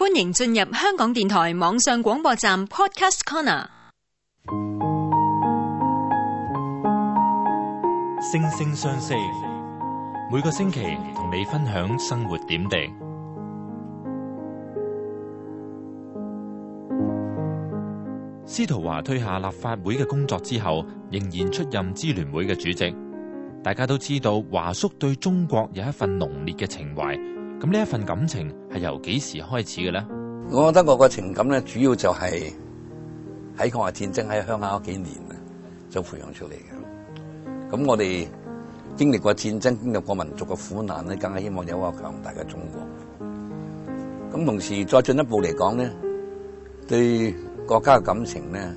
歡迎進入香港電台網上廣播站 Podcast Corner。星聲相識，每個星期同你分享生活點滴。司徒華退下立法會嘅工作之後，仍然出任支聯會嘅主席。大家都知道，華叔對中國有一份濃烈嘅情懷。咁呢一份感情係由幾時開始嘅咧？我覺得我個情感咧，主要就係喺抗日戰爭喺鄉下嗰幾年啊，就培養出嚟嘅。咁我哋經歷過戰爭，經歷過民族嘅苦難咧，更加希望有一個強大嘅中國。咁同時再進一步嚟講咧，對國家嘅感情咧，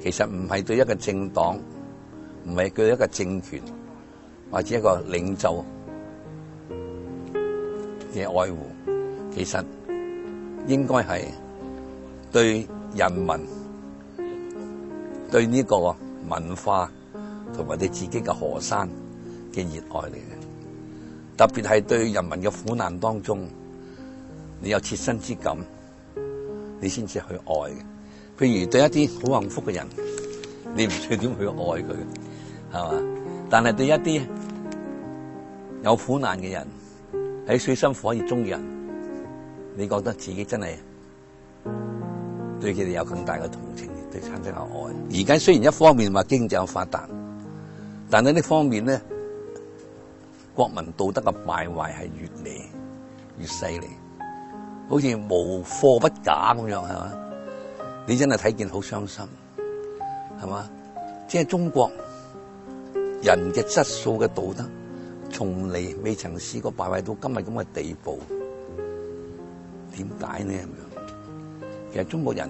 其實唔係對一個政黨，唔係對一個政權，或者一個領袖。嘅愛護，其實應該係對人民、對呢個文化同埋你自己嘅河山嘅熱愛嚟嘅。特別係對人民嘅苦難當中，你有切身之感，你先至去愛嘅。譬如對一啲好幸福嘅人，你唔知點去愛佢，係嘛？但係對一啲有苦難嘅人，喺水深火熱中嘅人，你覺得自己真係對佢哋有更大嘅同情，對產生愛。而家雖然一方面話經濟有發達，但喺呢方面咧，國民道德嘅敗壞係越嚟越犀利，好似無貨不假咁樣，係嘛？你真係睇見好傷心，係嘛？即係中國人嘅質素嘅道德。從嚟未曾試過敗壞到今日咁嘅地步，點解咧？其實中國人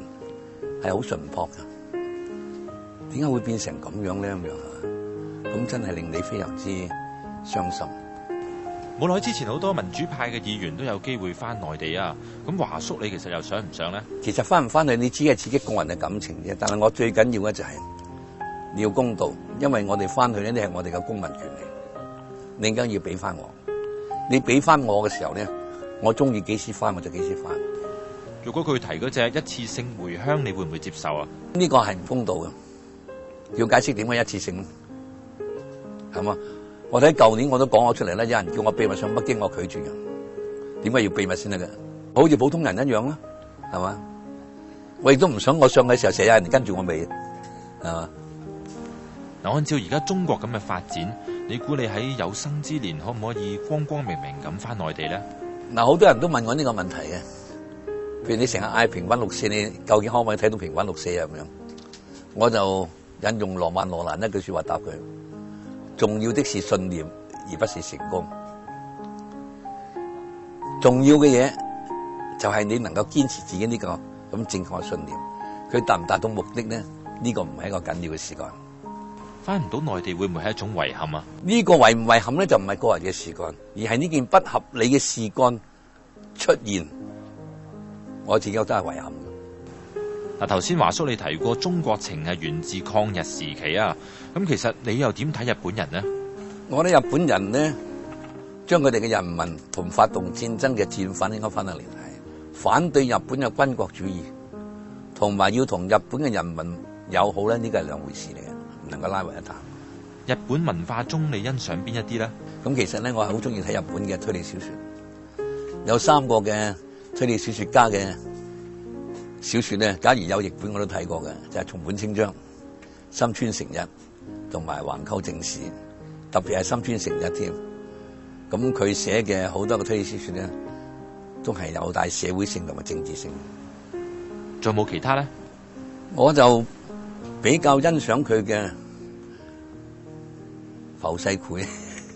係好淳樸㗎，點解會變成咁樣呢？咁樣咁真係令你非常之傷心。冇耐之前好多民主派嘅議員都有機會翻內地啊，咁華叔你其實又想唔想咧？其實翻唔翻去，你只係刺激個人嘅感情啫，但係我最緊要嘅就係你要公道，因為我哋翻去呢，啲係我哋嘅公民權利。你而家要俾翻我，你俾翻我嘅時候咧，我中意幾時翻我就幾時翻。如果佢提嗰隻一次性回鄉，你會唔會接受啊？呢個係唔公道嘅，要解釋點解一次性。係嘛？我睇舊年我都講咗出嚟咧，有人叫我秘密上北京，我拒絕㗎。點解要秘密先得嘅？好似普通人一樣啦，係嘛？我亦都唔想我上嘅時候成日有人跟住我尾，係嘛？嗱，按照而家中國咁嘅發展，你估你喺有生之年可唔可以光光明明咁返內地咧？嗱，好多人都問我呢個問題嘅，譬如你成日嗌平反六四，你究竟可唔可以睇到平反六四啊？咁樣，我就引用羅曼羅蘭一句說話答佢：重要的是信念，而不是成功。重要嘅嘢就係你能夠堅持自己呢個咁正確嘅信念，佢達唔達到目的咧？呢個唔係一個緊要嘅事幹翻唔到內地會唔會係一種遺憾啊？呢個遺唔遺憾咧，就唔係個人嘅事幹，而係呢件不合理嘅事幹出現，我自己都係遺憾。嗱、啊，頭先華叔你提過中國情係源自抗日時期啊，咁其實你又點睇日本人咧？我覺得日本人咧，將佢哋嘅人民同發動戰爭嘅戰犯應該分得嚟睇，反對日本嘅軍國主義，同埋要同日本嘅人民友好咧，呢、這個係兩回事嚟嘅。能夠拉為一談。日本文化中你欣賞邊一啲咧？咁其實咧，我係好中意睇日本嘅推理小說。有三個嘅推理小說家嘅小說咧，假如有譯本我都睇過嘅，就係、是、松本清張、森村誠一同埋橫溝正史。特別係森村誠一添。咁佢寫嘅好多嘅推理小說咧，都係有帶社會性同埋政治性。仲有冇其他咧，我就。比較欣賞佢嘅浮世繪，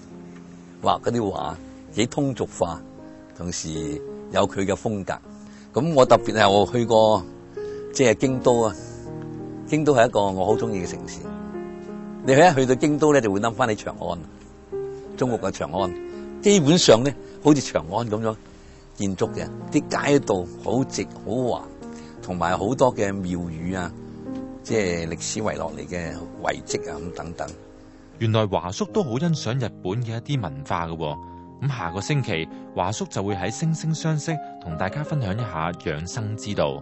那些畫嗰啲畫幾通俗化，同時有佢嘅風格。咁我特別係我去過，即係京都啊！京都係一個我好中意嘅城市。你一去到京都咧，就會諗翻你長安，中國嘅長安。基本上咧，好似長安咁樣建築嘅，啲街道好直好橫，同埋好多嘅廟宇啊。即係歷史遺落嚟嘅遺迹啊，咁等等。原來華叔都好欣賞日本嘅一啲文化嘅。咁下個星期華叔就會喺星聲相識同大家分享一下養生之道。